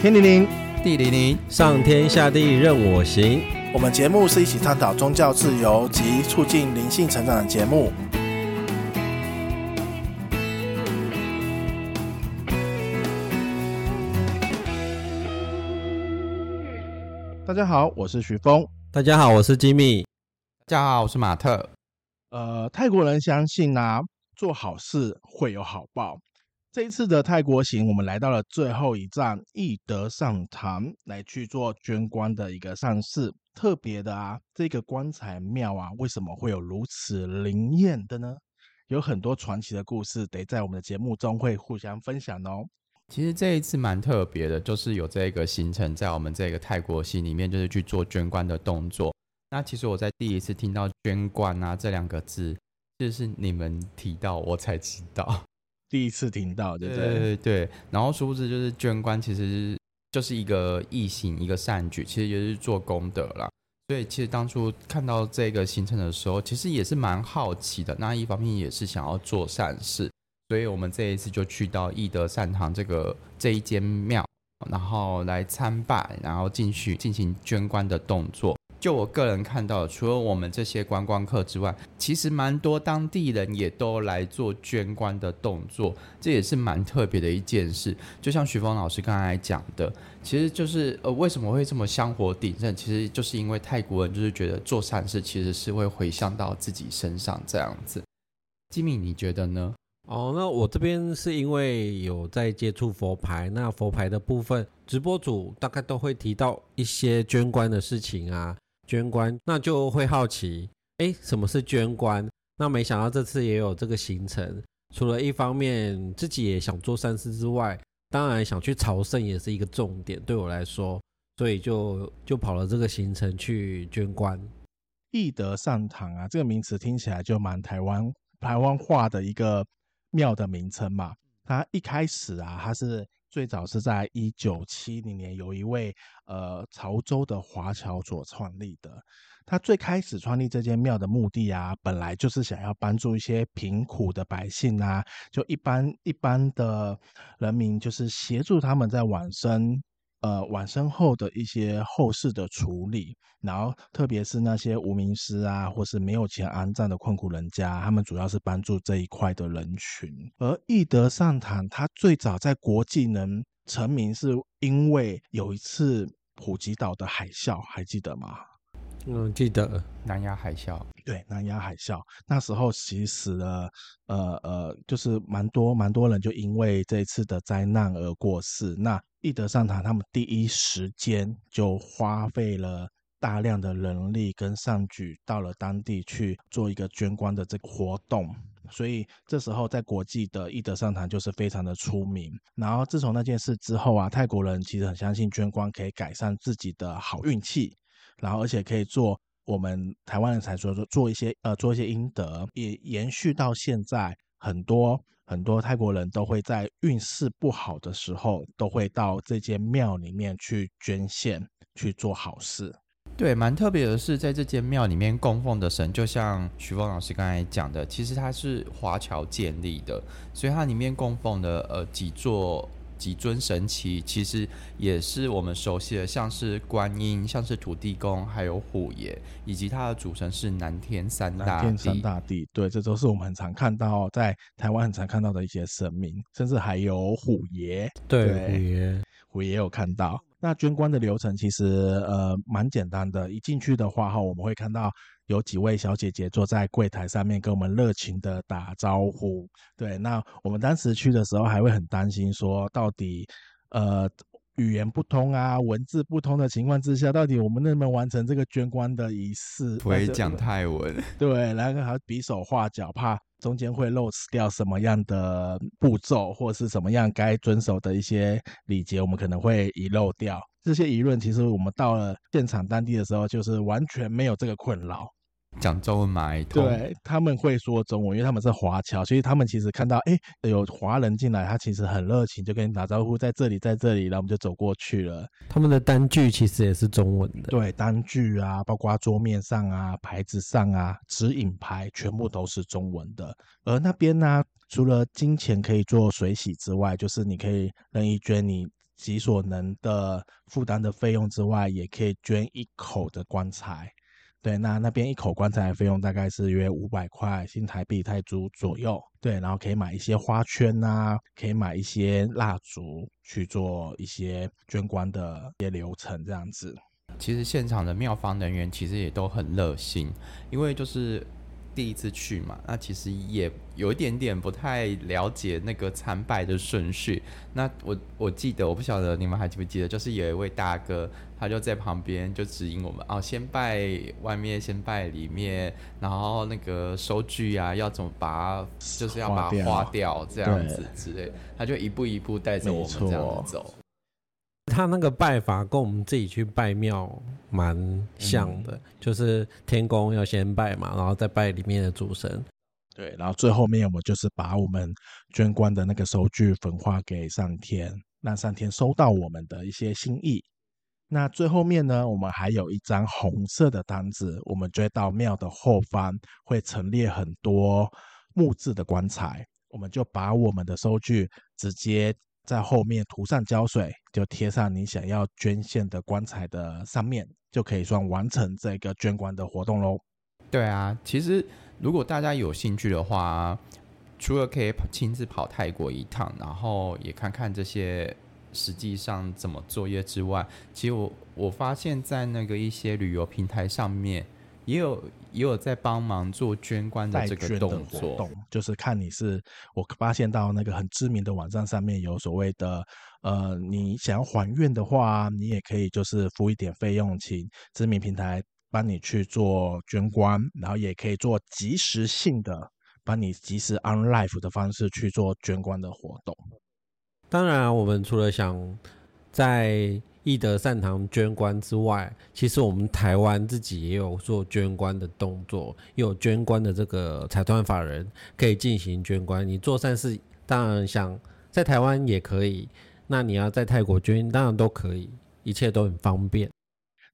天靈靈，地靈靈，上天下地任我行。我們節目是一起探討宗教自由及促進靈性成長的節目。大家好，我是徐峰。大家好，我是吉米。大家好，我是馬特。呃，泰國人相信呢，做好事會有好報。這一次的泰國行，我們來到了最後一站——義德善堂，來去做捐棺的一個善事。特別的啊，這個棺材廟啊，為什麼會有如此靈驗的呢？有很多傳奇的故事，得在我們的節目中會互相分享哦。其實這一次蠻特別的，就是有這個行程在我們這個泰國行裡面，就是去做捐棺的動作。那其實我在第一次聽到“捐棺”啊這兩個字，就是你們提到我才知道。第一次聽到，對不對？對對，對，對，然後殊不知就是捐棺，其實就是一個義行，一個善舉，其實也是做功德啦。所以其實當初看到這個行程的時候，其實也是蠻好奇的。那一方面也是想要做善事，所以我們這一次就去到義德善堂這個這一間廟，然後來參拜，然後進去進行捐棺的動作。就我個人看到，除了我們這些觀光客之外，其實蠻多當地人也都來做捐棺的動作，這也是蠻特別的一件事。就像徐峰老師剛才講的，其實就是呃，為什麼會這麼香火鼎盛？其實就是因為泰國人就是覺得做善事其實是會回向到自己身上這樣子。吉米，你覺得呢？哦，那我這邊是因為有在接觸佛牌，那佛牌的部分，直播主大概都會提到一些捐棺的事情啊。捐棺，那就會好奇，哎，什麼是捐棺？那沒想到這次也有這個行程。除了一方面自己也想做善事之外，當然想去朝聖也是一個重點對我來說，所以就就跑了這個行程去捐棺。義德善堂啊，這個名詞聽起來就蠻台灣台灣話的一個廟的名稱嘛。它一開始啊，它是。最早是在一九七零年，有一位呃潮州的華僑所創立的。他最開始創立這間廟的目的啊，本來就是想要幫助一些貧苦的百姓啊，就一般一般的人民，就是協助他們在往生，呃，往生後的一些後事的處理，然後特別是那些無名屍啊，或是沒有錢安葬的困苦人家，他們主要是幫助這一塊的人群。而義德善堂，它最早在國際能成名，是因為有一次普吉島的海嘯，還記得嗎？嗯，記得南亞海嘯。對，南亞海嘯那時候其實呢，呃呃，就是蠻多蠻多人就因為這一次的災難而過世。那義德善堂他們第一時間就花費了大量的人力跟善舉，到了當地去做一個捐棺的這個活動。所以這時候在國際的義德善堂就是非常的出名。然後自從那件事之後啊，泰國人其實很相信捐棺可以改善自己的好運氣，然後而且可以做。我們臺灣人才說做一些呃做一些陰德，也延續到現在，很多很多泰國人都會在運勢不好的時候，都會到這間廟裡面去捐獻，去做好事。對，蠻特別的是在這間廟裡面供奉的神，就像徐峰老師剛才講的，其實它是華僑建立的，所以它裡面供奉的呃幾座。幾尊神祇，其實也是我們熟悉的，像是觀音、像是土地公，還有虎爺，以及他的主神是南天三大帝。南天三大帝，對，這都是我們很常看到，在台灣很常看到的一些神明，甚至還有虎爺。對，虎爺。我也有看到，那捐棺的流程其實呃蠻簡單的。一進去的話哈，後我們會看到有幾位小姐姐坐在櫃檯上面跟我們熱情的打招呼。對，那我們當時去的時候還會很擔心說到底呃。語言不通啊，文字不通的情況之下，到底我們能不能完成這個捐棺的儀式？不會講泰文。哦，對，然後還比手畫腳，怕中間會漏掉什麼樣的步驟，或是什麼樣該遵守的一些禮節，我們可能會遺漏掉。這些疑問其實我們到了現場當地的時候，就是完全沒有這個困擾。講中文嘛？對，他們會說中文，因為他們是華僑。所以他們其實看到哎、欸、有華人進來，他其實很熱情，就跟你打招呼，在這裡，在這裡，然後我們就走過去了。他們的單據其實也是中文的，對，單據啊，包括桌面上啊、牌子上啊、指引牌，全部都是中文的。嗯、而那邊呢、啊，除了金錢可以做隨喜之外，就是你可以任意捐你己所能的負擔的費用之外，也可以捐一口的棺材。對，那那邊一口棺材的費用大概是約五百塊新台幣泰銖左右。對，然後，可以買一些花圈啊，可以買一些蠟燭去做一些捐棺的一些流程這樣子。其實現場的廟方人員其實也都很熱心，因為就是。第一次去嘛，那其實也有一點點不太了解那個參拜的順序。那我我記得，我不曉得你們還記不記得，就是有一位大哥，他就在旁邊就指引我們，哦，先拜外面，先拜裡面，然後那個收據啊，要怎麼把它，就是要把它劃掉這樣子之類，他就一步一步帶着我們這樣子走。他那個拜法，跟我們自己去拜廟蠻像的。嗯，就是天公要先拜嘛，然後再拜裡面的主神，對，然後最後面我們就是把我們捐棺的那個收據焚化給上天，讓上天收到我們的一些心意。那最後面呢，我們還有一張紅色的單子，我們追到廟的後方會陳列很多木質的棺材，我們就把我們的收據直接，在後面塗上膠水，就貼上你想要捐獻的棺材的上面，就可以算完成這個捐棺的活動嘍。對啊，其實如果大家有興趣的話，除了可以親自跑泰國一趟，然後也看看這些實際上怎麼作業之外，其實我我發現，在那個一些旅遊平台上面，也有也有在幫忙做捐棺的這個動作的活動，就是看你是我發現到那個很知名的網站上面有所謂的，呃，你想要還願的話，你也可以就是付一點費用，請知名平台幫你去做捐棺，然後也可以做即時性的，幫你即時 online 的方式去做捐棺的活動。當然，啊，我們除了想在。義德善堂捐棺之外，其實我們台灣自己也有做捐棺的動作，也有捐棺的這個財團法人可以進行捐棺。你做善事，當然想在台灣也可以，那你要在泰國捐，當然都可以，一切都很方便。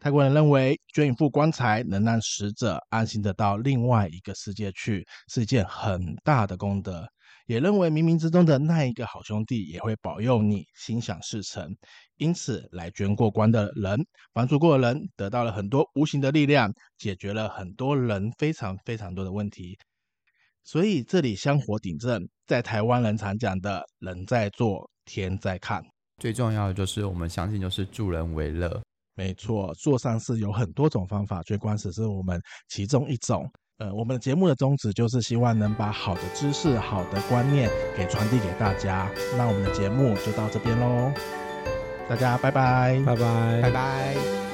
泰國人認為捐一副棺材能讓死者安心的到另外一個世界去，是一件很大的功德。也認為冥冥之中的那一個好兄弟也會保佑你心想事成，因此來捐過棺的人、幫助過的人，得到了很多無形的力量，解決了很多人非常非常多的問題。所以這裡香火鼎盛，在台灣人常講的“人在做，天在看”，最重要的就是我們相信，就是助人為樂。沒錯，做善事有很多種方法，捐棺材是我們其中一種。呃，我們的節目的宗旨就是希望能把好的知識、好的觀念給傳遞給大家。那我們的節目就到這邊嘍，大家拜拜，拜拜，拜拜。拜拜。